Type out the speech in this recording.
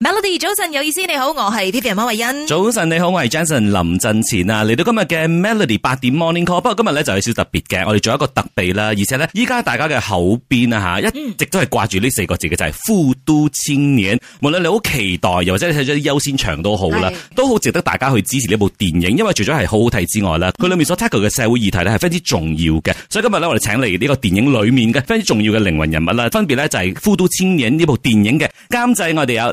Melody 早晨有意思，你好，我係 t v r 馬慧欣。早晨你好，我係 Jenson 林振前啊！嚟到今日嘅 Melody 八點 Morning Call，不過今日咧就有少少特別嘅，我哋做一個特備啦。而且咧，依家大家嘅口邊啊吓，一直都係掛住呢四個字嘅，就係《富都青年》嗯。無論你好期待，又或者你睇咗啲優先場都好啦，都好值得大家去支持呢部電影，因為除咗係好好睇之外啦，佢裏面所 tackle 嘅社會議題咧係非常之重要嘅。所以今日咧，我哋請嚟呢個電影裏面嘅非常重要嘅靈魂人物啦，分別咧就係《富都青年》呢部電影嘅監製，我哋有